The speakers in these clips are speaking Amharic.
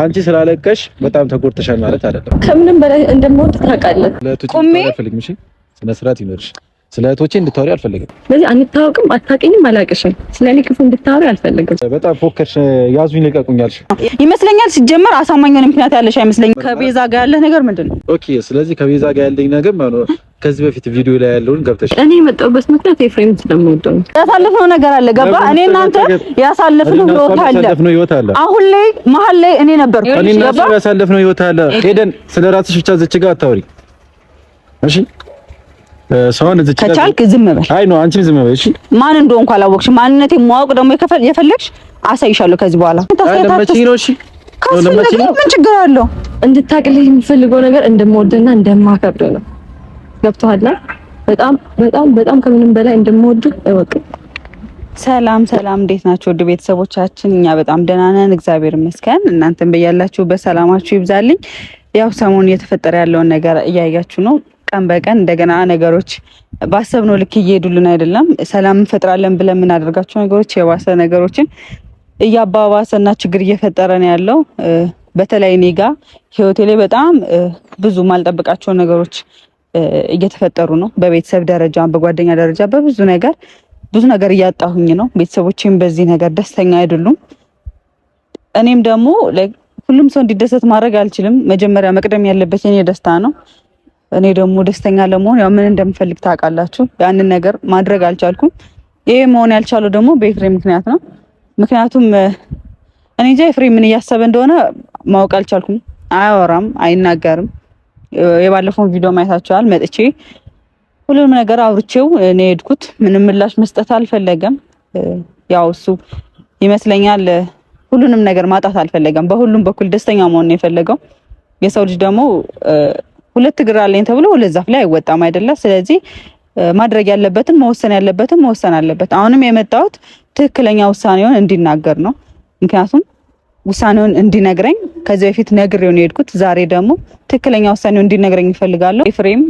አንቺ ስላለቀሽ በጣም ተጎድተሻል ማለት አይደለም። ከምንም በላይ እንደምወድ ታውቃለህ። ቆሜ ስነ ስርዓት ይኖርሽ ስለ እህቶቼ እንድታወሪ አልፈልግም። ስለዚህ አንታወቅም፣ አታውቂኝም፣ አላውቅሽም። ስለ እኔ ክፉ እንድታወሪ አልፈልግም። በጣም ፎከርሽ። ያዙኝ ልቀቁኛል ይመስለኛል። ሲጀመር አሳማኝ የሆነ ምክንያት ያለሽ አይመስለኝም። ከቤዛ ጋር ያለህ ነገር ምንድን ነው? ኦኬ። ስለዚህ ከቤዛ ጋር ያለኝ ነገር ከዚህ በፊት ቪዲዮ ላይ ያለውን ገብተሽ እኔ የመጣሁበት ምክንያት ኤፍሬም ስለምወደው ያሳለፍነው ነገር አለ። ገባ እኔ እናንተ ያሳለፍነው ህይወት አለ። ህይወት አለ። አሁን ላይ መሀል ላይ እኔ ነበርኩ። እኔ እናንተ ያሳለፍነው ህይወት አለ። ሄደን ስለ ራስሽ ብቻ ዘች ጋር አታወሪ እሺ ሰውን ከቻልክ ዝም በል። አይ ነው አንቺ ዝም በል። እሺ ማን እንደሆንኩ አላወቅሽ። ማንነቴ ማወቅ ደግሞ የፈለግሽ አሳይሻለሁ ከዚህ በኋላ። ምን ችግር አለው? እንድታቅልህ የሚፈልገው ነገር እንደምወድና እንደማከብድ ነው። ገብቶሃል? በጣም በጣም በጣም ከምንም በላይ እንደምወድ እወቅ። ሰላም ሰላም፣ እንዴት ናችሁ ውድ ቤተሰቦቻችን? እኛ በጣም ደህና ነን እግዚአብሔር ይመስገን። እናንተም በያላችሁበት ሰላማችሁ ይብዛልኝ። ያው ሰሞኑን እየተፈጠረ ያለውን ነገር እያያችሁ ነው ቀን በቀን እንደገና ነገሮች ባሰብነው ልክ እየሄዱልን አይደለም። ሰላም እንፈጥራለን ብለን የምናደርጋቸው ነገሮች የባሰ ነገሮችን እያባባሰና ችግር እየፈጠረን ያለው። በተለይ እኔ ጋ ህይወቴ ላይ በጣም ብዙ ማልጠብቃቸው ነገሮች እየተፈጠሩ ነው። በቤተሰብ ደረጃ፣ በጓደኛ ደረጃ፣ በብዙ ነገር ብዙ ነገር እያጣሁኝ ነው። ቤተሰቦቼም በዚህ ነገር ደስተኛ አይደሉም። እኔም ደግሞ ሁሉም ሰው እንዲደሰት ማድረግ አልችልም። መጀመሪያ መቅደም ያለበት የኔ ደስታ ነው። እኔ ደግሞ ደስተኛ ለመሆን ያው ምን እንደምፈልግ ታውቃላችሁ። ያንን ነገር ማድረግ አልቻልኩም። ይሄ መሆን ያልቻለው ደግሞ በኤፍሬም ምክንያት ነው። ምክንያቱም እኔ እንጃ ኤፍሬም ምን እያሰበ እንደሆነ ማወቅ አልቻልኩም። አያወራም፣ አይናገርም። የባለፈውን ቪዲዮ ማየታችኋል። መጥቼ ሁሉንም ነገር አውርቼው እኔ ሄድኩት። ምንም ምላሽ መስጠት አልፈለገም። ያው እሱ ይመስለኛል ሁሉንም ነገር ማጣት አልፈለገም። በሁሉም በኩል ደስተኛ መሆን ነው የፈለገው። የሰው ልጅ ደግሞ ሁለት እግር አለኝ ተብሎ ሁለት ዛፍ ላይ አይወጣም አይደለ? ስለዚህ ማድረግ ያለበትን መወሰን ያለበትን መወሰን አለበት። አሁንም የመጣሁት ትክክለኛ ውሳኔውን እንዲናገር ነው። ምክንያቱም ውሳኔውን እንዲነግረኝ ከዚህ በፊት ነግሬውን የሄድኩት ዛሬ ደግሞ ትክክለኛ ውሳኔውን እንዲነግረኝ ይፈልጋለሁ። ኤፍሬም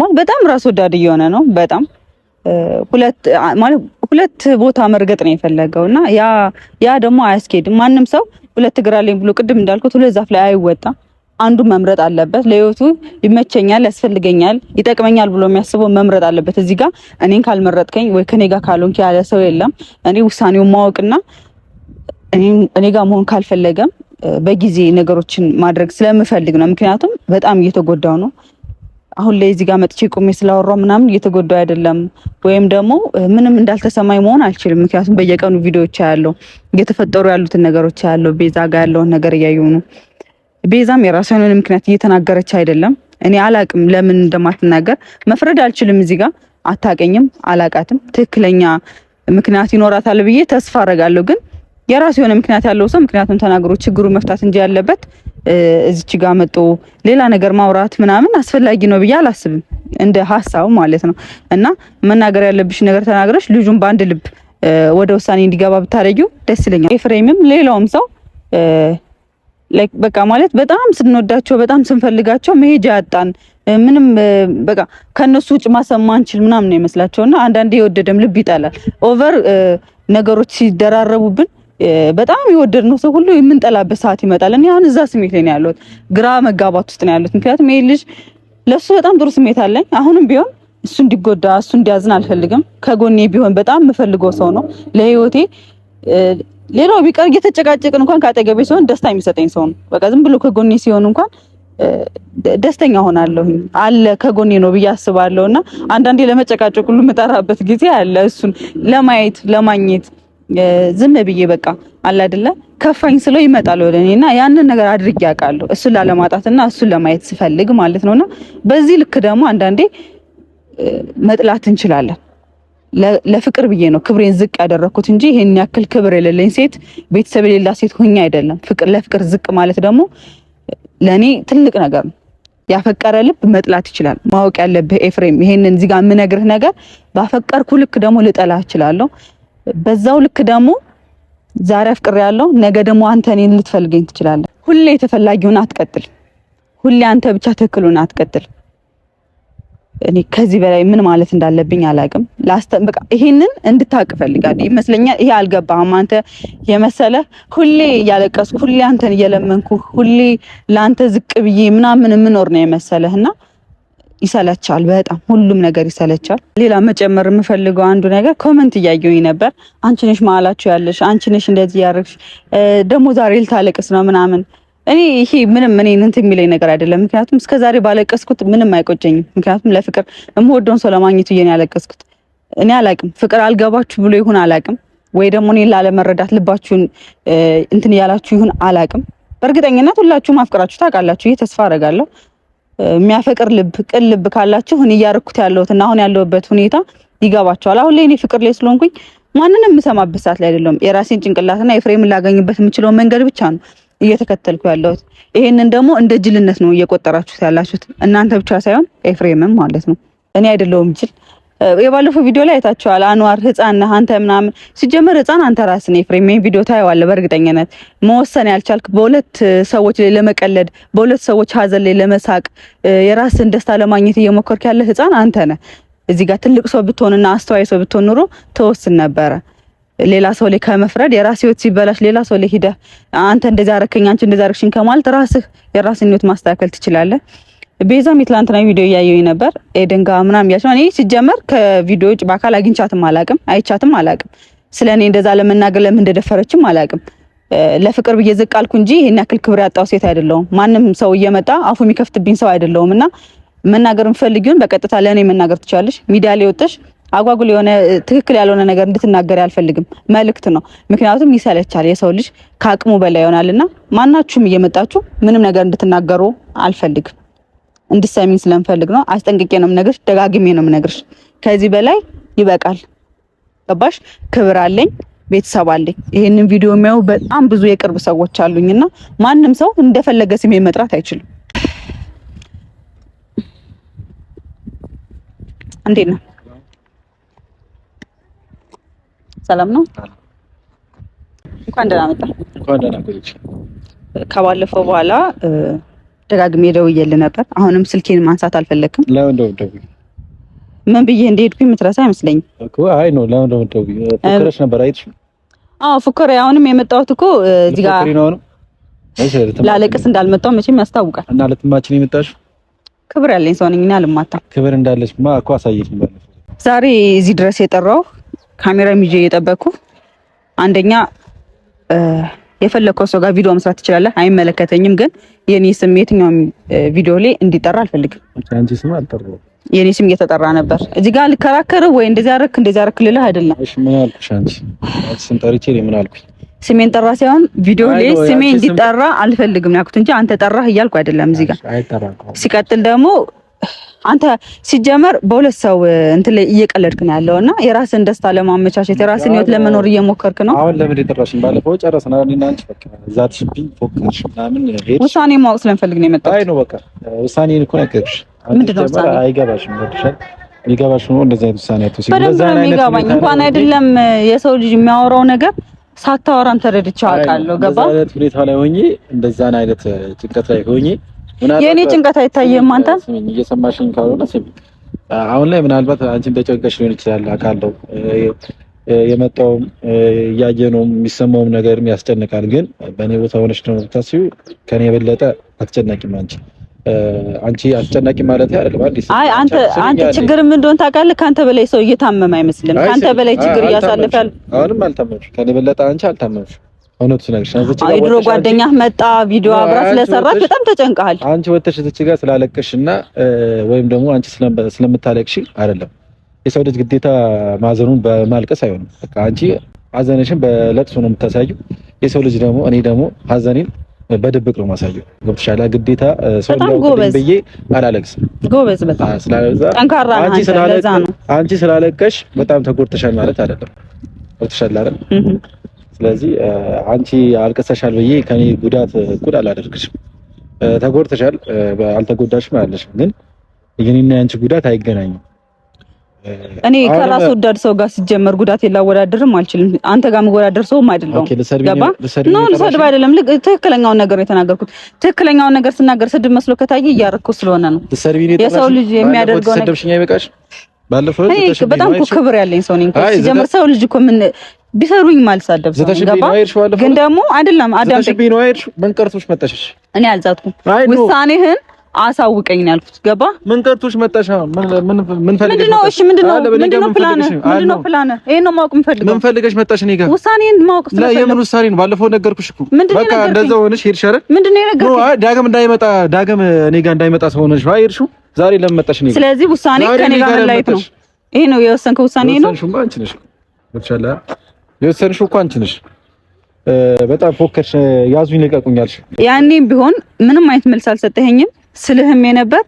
ማለት በጣም ራስ ወዳድ እየሆነ ነው። በጣም ሁለት ቦታ መርገጥ ነው የፈለገው እና ያ ደግሞ አያስኬድም። ማንም ሰው ሁለት እግር አለኝ ብሎ ቅድም እንዳልኩት ሁለት ዛፍ ላይ አይወጣም። አንዱ መምረጥ አለበት። ለህይወቱ ይመቸኛል፣ ያስፈልገኛል፣ ይጠቅመኛል ብሎ የሚያስበው መምረጥ አለበት። እዚህ ጋር እኔን ካልመረጥከኝ ወይ ከኔ ጋር ካልሆንክ ያለ ሰው የለም። እኔ ውሳኔውን ማወቅና እኔ ጋር መሆን ካልፈለገም በጊዜ ነገሮችን ማድረግ ስለምፈልግ ነው። ምክንያቱም በጣም እየተጎዳው ነው አሁን ላይ እዚህ ጋር መጥቼ ቁሜ ስላወራው ምናምን እየተጎዳው አይደለም። ወይም ደግሞ ምንም እንዳልተሰማኝ መሆን አልችልም። ምክንያቱም በየቀኑ ቪዲዮዎች ያለው እየተፈጠሩ ያሉትን ነገሮች ያለው ቤዛ ጋር ያለውን ነገር እያዩ ነው። ቤዛም የራሱ የሆነ ምክንያት እየተናገረች አይደለም። እኔ አላቅም ለምን እንደማትናገር መፍረድ አልችልም። እዚህ ጋር አታቀኝም፣ አላቃትም። ትክክለኛ ምክንያት ይኖራታል ብዬ ተስፋ አረጋለሁ። ግን የራሱ የሆነ ምክንያት ያለው ሰው ምክንያቱም ተናግሮ ችግሩ መፍታት እንጂ ያለበት እዚች ጋር መጦ ሌላ ነገር ማውራት ምናምን አስፈላጊ ነው ብዬ አላስብም። እንደ ሀሳቡ ማለት ነው። እና መናገር ያለብሽ ነገር ተናግረሽ ልጁን በአንድ ልብ ወደ ውሳኔ እንዲገባ ብታደርጊው ደስ ይለኛል። ኤፍሬምም ሌላውም ሰው ላይክ በቃ ማለት በጣም ስንወዳቸው በጣም ስንፈልጋቸው መሄጃ ያጣን ምንም በቃ ከነሱ ውጭ ማሰብ ማንችል ምናምን እና አንዳንዴ የወደደም ልብ ይጠላል። ኦቨር ነገሮች ሲደራረቡብን በጣም የወደድነው ሰው ሁሉ የምንጠላበት ሰዓት ይመጣል። እኔ አሁን እዛ ስሜት ላይ ነው ያለሁት፣ ግራ መጋባት ውስጥ ነው ያለሁት። ምክንያቱም ይሄ ልጅ ለሱ በጣም ጥሩ ስሜት አለኝ። አሁንም ቢሆን እሱ እንዲጎዳ እሱ እንዲያዝን አልፈልግም። ከጎኔ ቢሆን በጣም የምፈልገው ሰው ነው ለህይወቴ ሌላው ቢቀር እየተጨቃጨቅን እንኳን ካጠገቤ ሲሆን ደስታ የሚሰጠኝ ሰው ነው። በቃ ዝም ብሎ ከጎኔ ሲሆን እንኳን ደስተኛ ሆናለሁ። አለ ከጎኔ ነው ብዬ አስባለሁ። እና አንዳንዴ ለመጨቃጨቅ ሁሉ የምጠራበት ጊዜ አለ። እሱን ለማየት ለማግኘት ዝም ብዬ በቃ አለ አይደለ ከፋኝ ስለው ይመጣል ወደ እና ያንን ነገር አድርጌ አውቃለሁ። እሱን ላለማጣትና እሱን ለማየት ስፈልግ ማለት ነውና በዚህ ልክ ደግሞ አንዳንዴ መጥላት እንችላለን። ለፍቅር ብዬ ነው ክብሬን ዝቅ ያደረኩት እንጂ ይሄን ያክል ክብር የሌለኝ ሴት ቤተሰብ የሌላ ሴት ሆኜ አይደለም። ፍቅር ለፍቅር ዝቅ ማለት ደግሞ ለእኔ ትልቅ ነገር ነው። ያፈቀረ ልብ መጥላት ይችላል። ማወቅ ያለብህ ኤፍሬም፣ ይሄንን እዚህ ጋር የምነግርህ ነገር ባፈቀርኩ ልክ ደግሞ ልጠላ እችላለሁ። በዛው ልክ ደግሞ ዛሬ አፍቅር ያለው ነገ ደግሞ አንተ እኔን ልትፈልገኝ ትችላለህ። ሁሌ ተፈላጊውን አትቀጥል። ሁሌ አንተ ብቻ ትክክሉን አትቀጥል። እኔ ከዚህ በላይ ምን ማለት እንዳለብኝ አላውቅም። ይሄንን እንድታቅ እፈልጋለሁ። ይመስለኛል ይሄ አልገባህም አንተ የመሰለ ሁሌ እያለቀስኩ ሁሌ አንተን እየለመንኩ ሁሌ ለአንተ ዝቅ ብዬ ምናምን የምኖር ነው የመሰለህ እና ይሰለቻል። በጣም ሁሉም ነገር ይሰለቻል። ሌላ መጨመር የምፈልገው አንዱ ነገር ኮመንት እያየሁኝ ነበር። አንቺ ነሽ መሀላችሁ ያለሽ፣ አንቺ ነሽ እንደዚህ ያደረግሽ፣ ደግሞ ዛሬ ልታለቅስ ነው ምናምን እኔ ይሄ ምንም እኔ እንትን የሚለኝ ነገር አይደለም። ምክንያቱም እስከዛሬ ባለቀስኩት ምንም አይቆጨኝም። ምክንያቱም ለፍቅር የምወደውን ሰው ለማግኘቱ እየን ያለቀስኩት እኔ አላቅም። ፍቅር አልገባችሁ ብሎ ይሁን አላቅም፣ ወይ ደግሞ እኔ ላለመረዳት ልባችሁን እንትን እያላችሁ ይሁን አላቅም። በእርግጠኝነት ሁላችሁም አፍቅራችሁ ታውቃላችሁ። ይህ ተስፋ አደርጋለሁ። የሚያፈቅር ልብ፣ ቅን ልብ ካላችሁ እኔ እያረኩት ያለሁት እና አሁን ያለሁበት ሁኔታ ይገባቸዋል። አሁን ላይ እኔ ፍቅር ላይ ስለሆንኩኝ ማንንም የምሰማበት ሰዓት ላይ አይደለም። የራሴን ጭንቅላትና የፍሬም ላገኝበት የምችለው መንገድ ብቻ ነው። እየተከተልኩ ያለሁት። ይሄንን ደግሞ እንደ ጅልነት ነው እየቆጠራችሁት ያላችሁት እናንተ ብቻ ሳይሆን ኤፍሬምም ማለት ነው። እኔ አይደለሁም ጅል። የባለፈው ቪዲዮ ላይ አይታችኋል። አንዋር ህፃን ነህ አንተ ምናምን። ሲጀመር ህፃን አንተ ራስህ ነህ ኤፍሬም። ይሄን ቪዲዮ ታየዋለህ በእርግጠኝነት። መወሰን ያልቻልክ በሁለት ሰዎች ላይ ለመቀለድ፣ በሁለት ሰዎች ሀዘን ላይ ለመሳቅ፣ የራስን ደስታ ለማግኘት እየሞከርክ ያለ ህፃን አንተ ነህ። እዚህ ጋር ትልቅ ሰው ብትሆንና አስተዋይ ሰው ብትሆን ኑሮ ተወስን ነበረ። ሌላ ሰው ላይ ከመፍረድ የራስ ህይወት ሲበላሽ ሌላ ሰው ላይ ሂደህ አንተ እንደዛ አረከኝ አንቺ እንደዛ አረክሽኝ ከማለት ራስህ የራስን ህይወት ማስተካከል ትችላለህ። ቤዛም የትላንትና ቪዲዮ እያየሁኝ ነበር። ኤደን ጋር ምናምን ያልሽው እኔ ሲጀመር ከቪዲዮ ውጭ በአካል አግኝቻትም አላቅም አይቻትም አላቅም። ስለ እኔ እንደዛ ለመናገር ለምን እንደደፈረችም አላቅም። ለፍቅር ብዬ ዝቅ አልኩ እንጂ ይሄን ያክል ክብር ያጣው ሴት አይደለሁም። ማንም ሰው እየመጣ አፉ የሚከፍትብኝ ሰው አይደለሁም እና መናገር የምፈልጊውን በቀጥታ ለእኔ መናገር ትችላለሽ። ሚዲያ ላይ ወጥሽ አጓጉል የሆነ ትክክል ያልሆነ ነገር እንድትናገር አልፈልግም። መልእክት ነው። ምክንያቱም ይሰለቻል። የሰው ልጅ ከአቅሙ በላይ ይሆናልና ማናችሁም እየመጣችሁ ምንም ነገር እንድትናገሩ አልፈልግም። እንድትሰሚኝ ስለምፈልግ ነው። አስጠንቅቄ ነው የምነግርሽ፣ ደጋግሜ ነው የምነግርሽ። ከዚህ በላይ ይበቃል። ገባሽ? ክብር አለኝ፣ ቤተሰብ አለኝ። ይህንን ቪዲዮ የሚያዩ በጣም ብዙ የቅርብ ሰዎች አሉኝና ማንም ሰው እንደፈለገ ስሜ መጥራት አይችልም። እንዴት ነው? ሰላም ነው? እንኳን ደህና መጣ። እንኳን ደህና ቆይሽ። ከባለፈው በኋላ ደጋግሜ ደውዬልህ ነበር። አሁንም ስልኬን ማንሳት አልፈለክም። ለምን ደውዬ ምን ብዬ እንደሄድኩኝ የምትረሳ አይመስለኝ። እኮ። አይ ነው ለምን ደውዬ ፎክረሽ ነበር አይተሽ? አዎ ፎክሬ። አሁንም የመጣሁት እኮ እዚህ ጋር ላለቅስ እንዳልመጣው መቼም ያስታውቃል። እና ልትማችን የመጣሽው ክብር ያለኝ ሰው ነኝ እና አልማታም። ክብር እንዳለሽማ እኮ አሳየሽኝ ዛሬ እዚህ ድረስ የጠራው ካሜራ ይዤ እየጠበቅኩ አንደኛ የፈለከው ሰው ጋር ቪዲዮ መስራት ትችላለህ፣ አይመለከተኝም። ግን የኔ ስም የትኛውም ቪዲዮ ላይ እንዲጠራ አልፈልግም። አንቺ ስም አልጠራው፣ የኔ ስም እየተጠራ ነበር። እዚህ ጋር ልከራከርህ ወይ እንደዚህ አደረክ እንደዚህ አደረክ ልልህ አይደለም። እሺ ምን አልኩሽ? አንቺ ስም ጠርቼ ነው ምን አልኩኝ? ስሜን ጠራ ሳይሆን ቪዲዮ ላይ ስሜ እንዲጠራ አልፈልግም ያልኩት እንጂ አንተ ጠራህ እያልኩ አይደለም። እዚህ ጋር ሲቀጥል ደግሞ አንተ ሲጀመር በሁለት ሰው እንትን ላይ እየቀለድክ ነው ያለው እና የራስን ደስታ ለማመቻቸት የራስን ህይወት ለመኖር እየሞከርክ ነው። አሁን ለምን የጠራሽኝ? ባለፈው ጨረስን አይደል? እና አንቺ በቃ እዛ ትሽብኝ ፎክሽ ምናምን ሄድሽ። ውሳኔ ማወቅ ስለምፈልግ ነው የመጣሁት። አይ ነው በቃ ውሳኔ እኮ ነገርሽ። ምንድን ነው ውሳኔ? አይገባሽም ወድሻል ሊገባሽ ነው እንደዚህ አይነት ውሳኔ አትወስጂ። በደንብ ነው የሚገባኝ። እንኳን አይደለም የሰው ልጅ የሚያወራው ነገር ሳታወራም ተረድቼ አውቃለሁ። ገባ ሁኔታ ላይ ሆኜ እንደዛን አይነት ጭንቀት ላይ ሆኜ የእኔ ጭንቀት አይታየም። አንተ እየሰማሽኝ ካልሆነ አሁን ላይ ምናልባት አንቺ እንደጨንቀሽ ሊሆን ይችላል አውቃለሁ። የመጣውም እያየነውም የሚሰማውም ነገርም ያስጨንቃል። ግን በእኔ ቦታ ሆነሽ ነው የምታስቢው። ከኔ የበለጠ አትጨናቂም አንቺ አንቺ አስጨናቂ ማለት አይደለም። አይ አንተ አንተ ችግር ምን እንደሆነ ታውቃለህ። ከአንተ በላይ ሰው እየታመመ አይመስልም። ከአንተ በላይ ችግር እያሳለፈ አሁንም አልታመምሽም። ከኔ በለጠ አንቺ አልታመምሽም። እውነት ስነግርሽ ድሮ ጓደኛህ መጣ ቪዲዮ አብራ ስለሰራች በጣም ተጨንቀሃል። አንቺ ወተሽ እዚች ጋር እና ወይም ደግሞ አንቺ ስለምታለቅሽ አይደለም። የሰው ልጅ ግዴታ ማዘኑን በማልቀስ አይሆንም። በቃ አንቺ ሀዘንሽን በለቅሶ ነው የምታሳዩ። የሰው ልጅ ደግሞ እኔ ደግሞ ሀዘኔን በድብቅ ነው ማሳየው። ገብቶሻል? ግዴታ ሰው እንዳውቅልኝ ብዬ አላለቅስም። ጎበዝ፣ በጣም ጠንካራ ነህ። አንቺ ስላለቀሽ በጣም ተጎድተሻል ማለት አይደለም። ገብቶሻል አይደል? ስለዚህ አንቺ አልቅሰሻል ብዬ ከኔ ጉዳት እኩል አላደርግሽም። ተጎድተሻል፣ አልተጎዳሽም አላለሽም፣ ግን የኔና የአንቺ ጉዳት አይገናኝም። እኔ ከራስ ወዳድ ሰው ጋር ሲጀመር ጉዳት የላወዳደርም አልችልም። አንተ ጋር መወዳደር ሰውም አይደለሁም። ገባ ነው። ልሰድብ አይደለም፣ ትክክለኛውን ነገር የተናገርኩት። ትክክለኛውን ነገር ስናገር ስድብ መስሎ ከታየ እያረግኩ ስለሆነ ነው። የሰው ልጅ የሚያደርገው ነገር ባለፈው በጣም ክብር ያለኝ ሰው ነኝ። ሲጀምር ሰው ልጅ እኮ ምን ቢሰሩኝ ማልሳደብ ግን ደግሞ አይደለም። አዳም እኔ አልጻትኩም። ውሳኔህን አሳውቀኝ ነው ያልኩት። ገባ ምን ቀርቶሽ መጣሽ? ምን ምን ምን ፈልገሽ ምንድነው? እሺ ምንድነው? ምንድነው ፕላንህ? ምንድነው ይሄን ነው ማወቅ የምፈልገው። ምን ፈልገሽ መጣሽ? እኔ ጋር ውሳኔን ማወቅ ስለፈለግ ነው። የምን ውሳኔ ነው? ባለፈው ነገርኩሽ እኮ በቃ እንደዛው ሆነሽ ሄድሽ አይደል? ነው የነገርኩሽ? ዳግም እንዳይመጣ ዳግም እኔ ጋር እንዳይመጣ ሰው ሆነሽ አይርሹ። ዛሬ ለምን መጣሽ? እኔ ጋር ስለዚህ ውሳኔ ከኔ ጋር ላይ ነው። ይሄ ነው የወሰንከው ውሳኔ ነው። ወሰንሽማ አንቺ ነሽ ብቻላ የወሰንሽው እኮ አንቺ ነሽ። በጣም ፎከርሽ። ያዙኝ ልቀቁኝ ያኔም ቢሆን ምንም አይነት መልስ አልሰጠኸኝም። ስልህም የነበር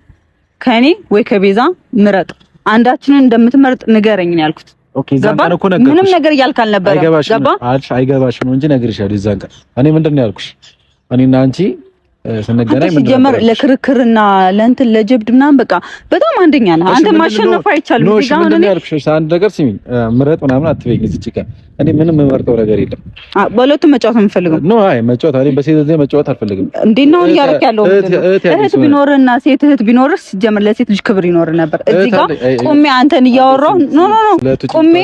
ከኔ ወይ ከቤዛ ምረጥ፣ አንዳችንን እንደምትመርጥ ንገረኝ ነው ያልኩት። ኦኬ ዛን እኮ ነገርኩሽ። ምንም ነገር እያልክ አልነበረም። ገባ አልሽ። አይገባሽም ነው እንጂ ነግሬሻለሁ። ዛን ቀን እኔ ምንድን ነው ያልኩሽ? እኔና አንቺ ስንገናኝ ሲጀመር ለክርክርና ለእንትን ለጀብድ ምናምን በቃ በጣም አንደኛ ነህ አንተ። ማሸነፍ አይቻልም። አንድ ነገር ሲሚኝ ምረጥ ምናምን አትበይኝ። እዚህ ጭቃ እኔ ምንም የምመርጠው ነገር የለም። በሁለቱም መጫወት የምፈልገው ኖ አይ መጫወት አይ በሴት እዚህ መጫወት አልፈልግም። እንዴት ነው እያደረክ ያለው? እህት ቢኖርና ሴት እህት ቢኖር ሲጀመር ለሴት ልጅ ክብር ይኖር ነበር። እዚህ ጋር ቁሜ አንተን እያወራሁ ኖ ኖ ኖ ቁሜ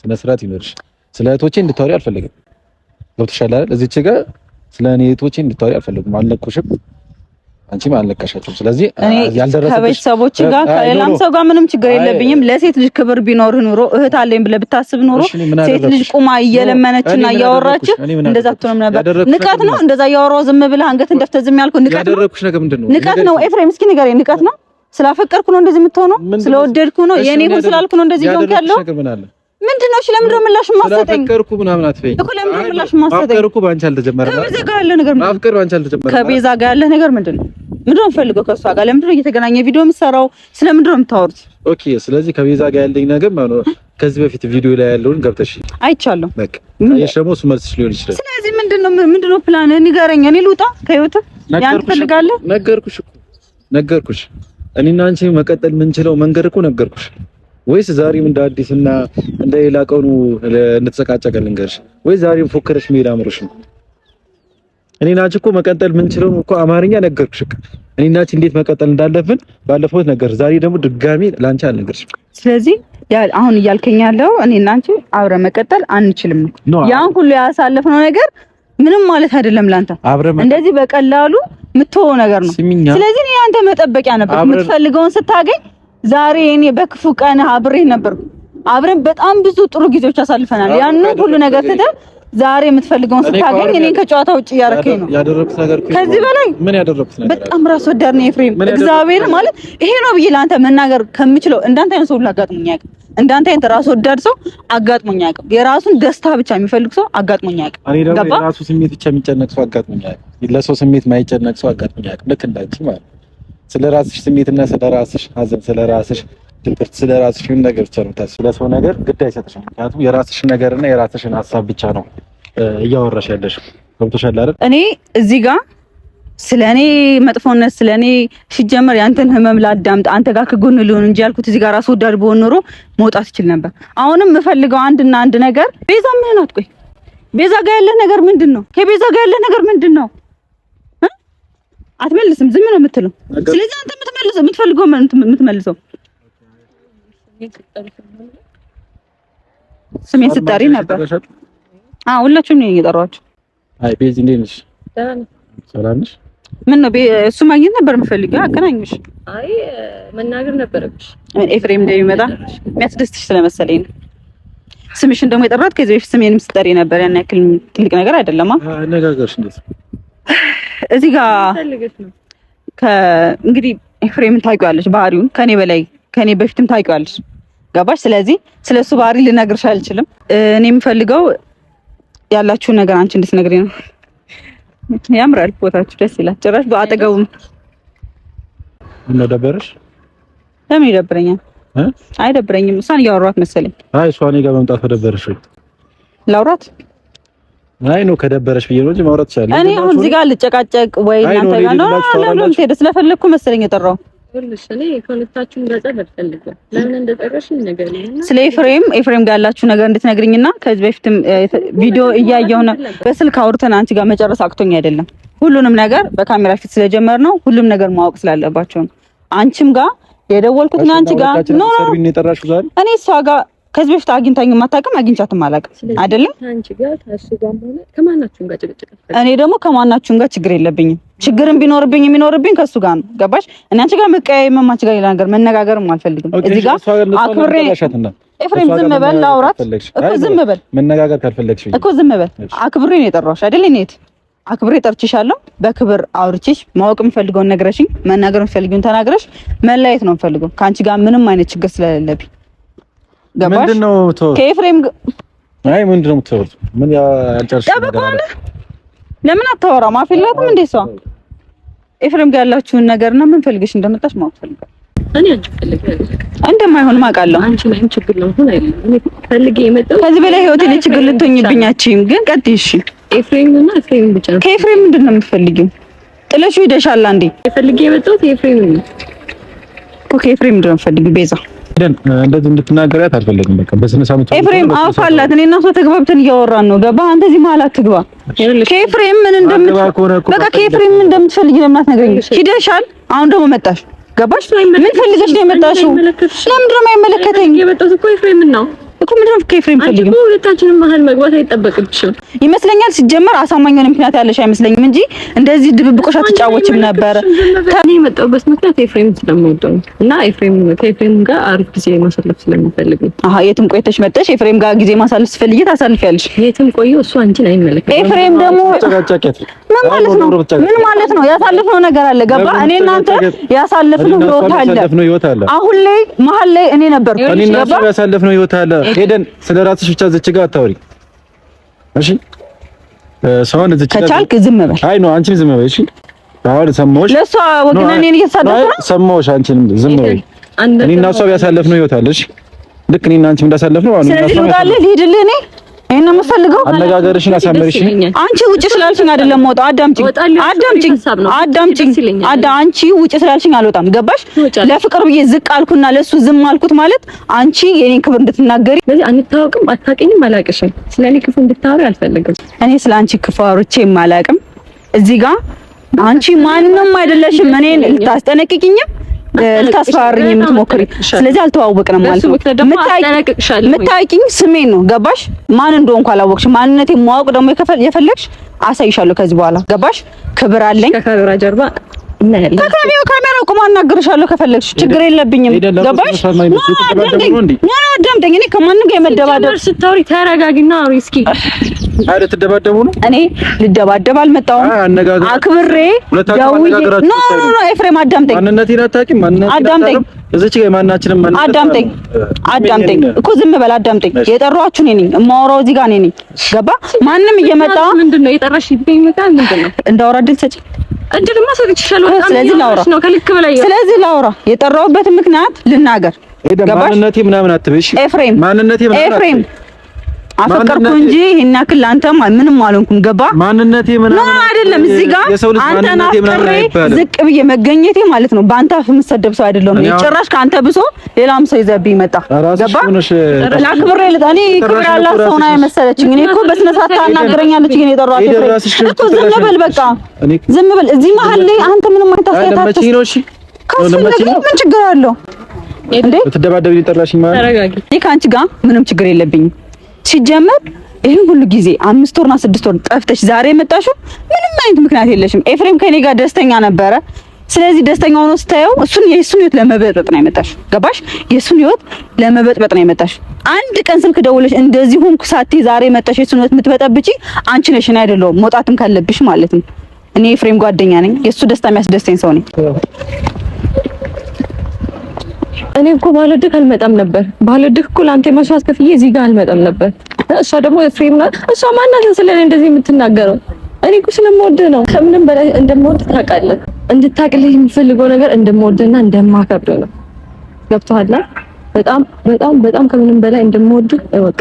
ስነ ስርዓት ይኖርሽ። ስለ እህቶቼ እንድታወሪ አልፈልግም። ገብቶሻል አይደል? እዚህ ጭቃ ስለ እኔ እህቶቼ እንድታወሪ አልፈለጉም። አልነኩሽም፣ አንቺም አልነካሻቸውም። ስለዚህ ከቤተሰቦች ጋር ከሌላም ሰው ጋር ምንም ችግር የለብኝም። ለሴት ልጅ ክብር ቢኖር ኑሮ እህት አለኝ ብለህ ብታስብ ኑሮ ሴት ልጅ ቁማ እየለመነችና እያወራች እንደዛ አትሆንም ነበር። ንቀት ነው። እንደዛ እያወራሁ ዝም ብለህ አንገት ደፍተህ ዝም ያልኩህ ንቀት ነው። ነገር ንቀት ነው። ኤፍሬም እስኪ ንገረኝ፣ ንቀት ነው? ስላፈቀርኩ ነው እንደዚህ የምትሆነው? ስለወደድኩ ነው? የኔ ሁን ስላልኩ ነው እንደዚህ እየሆንክ ያለው? ምንድን ነው? እሺ ለምን ነው ምላሽ ማሰጠኝ? ስለፈቀርኩ ምናምን አትፈይ እኮ ለምን ነው ምላሽ ማሰጠኝ? ማፍቀርኩ ባንቺ አልተጀመረም። ከቤዛ ጋር ያለ ነገር ምንድን ነው? ማፍቀር ባንቺ አልተጀመረም። ከቤዛ ጋር ያለ ነገር ምንድን ነው? ምንድን ነው የምፈልገው? ከእሷ ጋር ለምንድን ነው እየተገናኘ ቪዲዮ የምትሰራው? ስለምንድን ነው የምታወሩት? ኦኬ። ስለዚህ ከቤዛ ጋር ያለኝ ነገር ማለት ነው ከዚህ በፊት ቪዲዮ ላይ ያለውን ገብተሽ አይቻለሁ። በቃ ደግሞ እሱ መልስሽ ሊሆን ይችላል። ስለዚህ ምንድነው ምንድነው ፕላን? ንገረኝ። እኔ ልውጣ ከህይወት ያን ትፈልጋለህ? ነገርኩሽ ነገርኩሽ። እኔና አንቺ መቀጠል የምንችለው መንገድ እኮ ነገርኩሽ። ወይስ ዛሬም እንደ አዲስና እንደ ሌላ ቀኑ እንተጨቃጨቀ ልንገርሽ? ወይስ ዛሬም ፎክረሽ መሄድ አምሮሽ ነው? እኔና አንቺ እኮ መቀጠል የምንችለው እኮ አማርኛ ነገርኩሽ። እኔ ናች እንዴት መቀጠል እንዳለብን ባለፈው ነገር፣ ዛሬ ደግሞ ድጋሚ ላንቺ አልነገርሽ። ስለዚህ አሁን እያልከኝ ያለው እኔና አንቺ አብረ መቀጠል አንችልም። ያን ሁሉ ያሳለፍነው ነገር ምንም ማለት አይደለም ላንተ እንደዚህ በቀላሉ የምትሆነው ነገር ነው። ስለዚህ እኔ አንተ መጠበቂያ ነበር። የምትፈልገውን ስታገኝ ዛሬ እኔ በክፉ ቀን አብሬ ነበር። አብረን በጣም ብዙ ጥሩ ጊዜዎች አሳልፈናል። ያን ሁሉ ነገር ትተህ ዛሬ የምትፈልገውን ስታገኝ እኔን ከጨዋታ ውጭ እያደረከኝ ነው። ያደረኩት ነገር ከዚህ በላይ ምን ያደረኩት ነገር? በጣም ራስ ወዳድ ነው ኤፍሬም። እግዚአብሔር ማለት ይሄ ነው ብዬ ለአንተ መናገር ከምችለው እንዳንተ አይነት ሰው ሁሉ አጋጥሞኝ አያውቅም። እንዳንተ አይነት ራስ ወዳድ ሰው አጋጥሞኝ አያውቅም። የራሱን ደስታ ብቻ የሚፈልግ ሰው አጋጥሞኝ አያውቅም። እኔ ደግሞ የራሱ ስሜት ብቻ የሚጨነቅ ሰው አጋጥሞኝ አያውቅም። ለሰው ስሜት ማይጨነቅ ሰው አጋጥሞኝ አያውቅም። ልክ እንዳንቺ ማለት ስለ ራስሽ ስሜትና ስለ ራስሽ ሀዘን ስለ ራስሽ ድብርት ስለ ራስሽ ምን ነገር ብቻ ነው ስለ ሰው ነገር ግድ አይሰጥሽም። ምክንያቱም የራስሽን ነገርና የራስሽን ሀሳብ ብቻ ነው እያወራሽ ያለሽ። ገብቶሻል አይደል? እኔ እዚህ ጋር ስለ እኔ መጥፎነት ስለ እኔ ሲጀመር ያንተን ህመም ላዳምጥ አንተ ጋር ከጎን ልሆን እንጂ ያልኩት እዚህ ጋር ራስ ወዳድ በሆን ኖሮ መውጣት ይችል ነበር። አሁንም የምፈልገው አንድና አንድ ነገር ቤዛ ምን አትቆይ? ቤዛ ጋር ያለ ነገር ምንድን ነው? ከቤዛ ጋር ያለ ነገር ምንድን ነው? አትመልስም፣ ዝም ነው የምትለው። ስለዚህ አንተ የምትመልሰው የምትፈልገው የምትመልሰው ስሜን ስጠሪ ነበር። አዎ ሁላችሁም ነው እየጠሯችሁ። አይ ቤዚ እንዴት ነሽ? ሰላም ነሽ? ምን ነው እሱ ማግኘት ነበር የምፈልገው። አገናኙሽ። አይ መናገር ነበረብሽ ኤፍሬም እንደሚመጣ የሚያስደስትሽ ስለመሰለኝ ነው። ስምሽን ደግሞ የጠራት ከዚህ በፊት ስሜንም ስጠሪ ነበር። ያን ያክል ትልቅ ነገር አይደለም። አነጋገርሽ እንዴት ነው? እዚህ ጋር እንግዲህ ኤፍሬምን ታውቂዋለሽ፣ ባህሪውን ከኔ በላይ ከኔ በፊትም ታውቂዋለሽ። ገባሽ? ስለዚህ ስለሱ ባህሪ ልነግርሽ አልችልም። እኔ የምፈልገው ያላችሁን ነገር አንቺ እንድትነግሪ ነው። ያምራል፣ ቦታችሁ ደስ ይላል። ጭራሽ በአጠገቡም እንደደበረሽ ለምን ይደብረኛል? አይደብረኝም። እሷን እያወሯት መሰለኝ። አይ እሷ እኔ ጋር መምጣት ደበረሽ። ላውሯት አይ ነው ከደበረሽ ብዬ ነው ማውራት ይችላል። እኔ አሁን እዚህ ጋር ልጨቃጨቅ ወይ እናንተ ጋር ነው ለምን ትሄደ ስለፈለኩ መሰለኝ የጠራው ስለ ኤፍሬም ኤፍሬም ጋር ያላችሁ ነገር እንድትነግርኝና ከዚህ በፊትም ቪዲዮ እያየሁ ነው በስልክ አውርተን አንቺ ጋር መጨረስ አቅቶኝ አይደለም። ሁሉንም ነገር በካሜራ ፊት ስለጀመር ነው ሁሉም ነገር ማወቅ ስላለባቸው ነው። አንቺም ጋር የደወልኩት አንቺ ጋር ነው እኔ እሷ ጋር ከዚህ በፊት አግኝታኝ የማታውቅም አግኝቻትም አላውቅም አይደለም። እኔ ደግሞ ከማናችሁም ጋር ችግር የለብኝም። ችግርም ቢኖርብኝ የሚኖርብኝ ከሱ ጋር ነው። ገባሽ? እኔ አንቺ ጋር መቀያየም አንቺ ጋር ሌላ ነገር መነጋገርም አልፈልግም። እዚህ ጋር አክብሬ ኤፍሬም ዝም በል ላውራት እኮ ዝም በል መነጋገር ካልፈለግሽ እኮ ዝም በል። አክብሬ ነው የጠራሁሽ አይደል? እኔት አክብሬ ጠርችሻለሁ። በክብር አውርቼሽ ማወቅ የምፈልገውን ነግረሽኝ፣ መናገር የምፈልጊውን ተናግረሽ መለያየት ነው የምፈልገው ከአንቺ ጋር ምንም አይነት ችግር ስለሌለብኝ ገባሽ? ምንድን ነው የምትወሩት? ምን ለምን አታወራም? አፍ እንዴ እሷ? ኤፍሬም ጋር ያላችሁን ነገርና ምን ፈልገሽ እንደመጣሽ ማወቅ ፈልጋለሁ። እንደማይሆን አውቃለሁ። ከዚህ በላይ ህይወቴ ላይ ችግር ልትሆኝብኝ ግን ቀጥይ እሺ። ነው። ከኤፍሬም ምንድን ነው የምትፈልጊው? ጥለሽው ሄደሻል እንዴ? ፈልጌ የመጣሁት ኤፍሬም ነው እኮ። ከኤፍሬም ምንድን ነው የምትፈልጊው ቤዛ? ደን እንደዚህ እንድትናገሪያት አልፈለግም። በቃ በስነ ሳምንት ኤፍሬም አፋላት እኔ እና እሷ ተግባብተን እያወራን ነው። ገባ አንተ እዚህ መሀል አትግባ። ከኤፍሬም ምን እንደምትፈልግ በቃ ከኤፍሬም ምን እንደምትፈልጊ ለምን አትነግሪኝ? ሂደሻል። አሁን ደግሞ መጣሽ። ገባሽ? ምን ፈልገሽ ነው የመጣሽው? ለምንድን ነው የማይመለከተኝ? የመጣሁት እኮ ኤፍሬም ነው እኮ ምንድነው ከኤፍሬም ፈልጊ ሁለታችንም መሀል መግባት አይጠበቅብሽም ይመስለኛል። ሲጀመር አሳማኝ የሆነ ምክንያት ያለሽ አይመስለኝም እንጂ እንደዚህ ድብብቆሽ አትጫወችም ነበር። ከኔ የመጣሁበት ምክንያት ኤፍሬም ስለምወደው እና ኤፍሬም ከኤፍሬም ጋር አሪፍ ጊዜ ማሳለፍ ስለምፈልግ ነው። አሃ የትም ቆይተሽ መጥተሽ ኤፍሬም ጋር ጊዜ ማሳለፍ ስፈልጊ ታሳልፊያለሽ። የትም ቆየሁ እሱ አንቺን አይመለከትም። ኤፍሬም ደግሞ ምን ማለት ነው? ምን ማለት ነው? ያሳለፍነው ነገር አለ ገባ። እኔ እናንተ ያሳለፍነው ህይወት አለ። አሁን ላይ መሀል ላይ እኔ ነበርኩ ገባ። ያሳለፍነው ህይወት አለ ሄደን ስለ ራስሽ ብቻ እዚች ጋር አታወሪ። እሺ፣ ሰውን እዚች ጋር ከቻልክ ዝም በል። አይ ነው አንቺም ዝም በይ። እሺ፣ አሁን ሰማሁሽ። ለሷ ወግናኔን እየተሳደብኩ ነው። ሰማሁሽ። አንቺንም ዝም በይ። እኔ እና እሷ ያሳለፍነው ህይወት አለ። እሺ፣ ልክ እኔ እና አንቺም እንዳሳለፍነው አሁን እና እሷ ይሄን ነው የምፈልገው። አነጋገርሽን አሳመርሽ። አንቺ ውጪ ስላልሽኝ አይደለም የምወጣው። አዳምጪኝ፣ አዳምጪኝ፣ አዳምጪኝ። አዳ አንቺ ውጪ ስላልሽኝ አልወጣም። ገባሽ? ለፍቅር ብዬ ዝቅ አልኩና ለሱ ዝም አልኩት ማለት አንቺ የኔን ክብር እንድትናገሪ። ስለዚህ አንታወቅም፣ አታውቂኝም፣ አላውቅሽም። ስለኔ ክፉ እንድታወሪ አልፈልግም። እኔ ስለአንቺ ክፉ አውርቼም አላውቅም። እዚህ ጋር አንቺ ማንም አይደለሽም። እኔን ልታስጠነቅቂኝም ልታስፈራሪኝ የምትሞክሪ። ስለዚህ አልተዋወቅንም ማለት ነው። ስሜን ነው ገባሽ? ማን እንደሆንኩ አላወቅሽ። ማንነቴ ማወቅ ደግሞ የፈለግሽ አሳይሻለሁ ከዚህ በኋላ ገባሽ? ክብር አለኝ ከካሜራ ጀርባ እናያለን። ከካሜራው ካሜራው ቆማ አናግርሻለሁ ከፈለግሽ ችግር የለብኝም። ገባሽ? አዳምጠኝ። እኔ ከማንም ጋር የመደባደብ ስታወሪ ተረጋጊና አውሪ እስኪ። አይደል ትደባደቡ ነው? እኔ ልደባደብ አልመጣሁም። አክብሬ ደውዬ ኖ ኖ ኖ ኤፍሬም አዳምጠኝ። ማንነቴን አታውቂም። ማንነቴን አዳምጠኝ እዚች ጋር ማናችንም ማን አዳምጠኝ አዳምጠኝ እኮ ዝም በል አዳምጠኝ። የጠሯችሁ እኔ ነኝ የማወራው እዚህ ጋር እኔ ነኝ። ገባ ማንም እየመጣ ምንድነው የጠራሽኝ? ይመጣል ምንድነው እንዳወራ እድል ሰጪ እድልማ ሰጥቼሻለሁ። ስለዚህ ላውራ ነው ከልክ በላይ ስለዚህ ላውራ የጠራሁበት ምክንያት ልናገር። ገባሽ? ማንነቴ ምናምን አትበይ። እሺ ኤፍሬም ማንነቴ ምናምን አፈቀርኩ እንጂ ይሄን ያክል ለአንተ ምንም አልሆንኩም። ገባ ማንነቴ ምን ነው አይደለም። እዚህ ጋር አንተ ናፍቅሬ ዝቅ ብዬ መገኘቴ ማለት ነው። በአንተ አፍ የምሰደብ ሰው አይደለም። ጭራሽ ከአንተ ብሶ ሌላም ሰው ይዘብኝ መጣ። ገባ ላክብሬ ለታ እኔ ክብር ያላት ሰው ነው የመሰለችኝ። እኔ እኮ በስነ ስርዓት ታናግረኛለች ግን የጠራኋት እኮ ዝም በል በቃ ዝም በል። እዚህ መሀል ላይ አንተ ምንም አይታሰያታችሁ ነው። እሺ ካስፈለገ ምን ችግር አለው እንዴ? ተደባደብ ይጠራሽኝ ማለት ነው። እኔ ከአንቺ ጋር ምንም ችግር የለብኝም። ሲጀመር ይህን ሁሉ ጊዜ አምስት ወርና ስድስት ወር ጠፍተሽ ዛሬ የመጣሽው ምንም አይነት ምክንያት የለሽም። ኤፍሬም ከኔ ጋር ደስተኛ ነበረ። ስለዚህ ደስተኛ ሆኖ ስታየው እሱን የእሱን ህይወት ለመበጥበጥ ነው የመጣሽ። ገባሽ? የእሱን ህይወት ለመበጥበጥ ነው የመጣሽ። አንድ ቀን ስልክ ደውለሽ እንደዚህ ሆንኩ ሳቴ ዛሬ መጣሽ የእሱን ህይወት የምትበጠብጪ አንቺ ነሽ፣ እኔ አይደለሁም። መውጣትም ካለብሽ ማለት ነው። እኔ ኤፍሬም ጓደኛ ነኝ፣ የእሱ ደስታ የሚያስደስተኝ ሰው ነኝ። እኔ እኮ ባልወድክ አልመጣም ነበር። ባልወድክ እኮ ለአንተ መስዋዕት ከፍዬ እዚህ ጋር አልመጣም ነበር። እሷ ደግሞ ፍሬም ናት። እሷ ማናት ስለኔ እንደዚህ የምትናገረው? እኔ እኮ ስለምወድህ ነው። ከምንም በላይ እንደምወድህ ታውቃለህ። እንድታቅልህ የምፈልገው ነገር እንደምወድህና እንደማከብድህ ነው። ገብቶሃል? በጣም በጣም በጣም ከምንም በላይ እንደምወድህ እወቅ።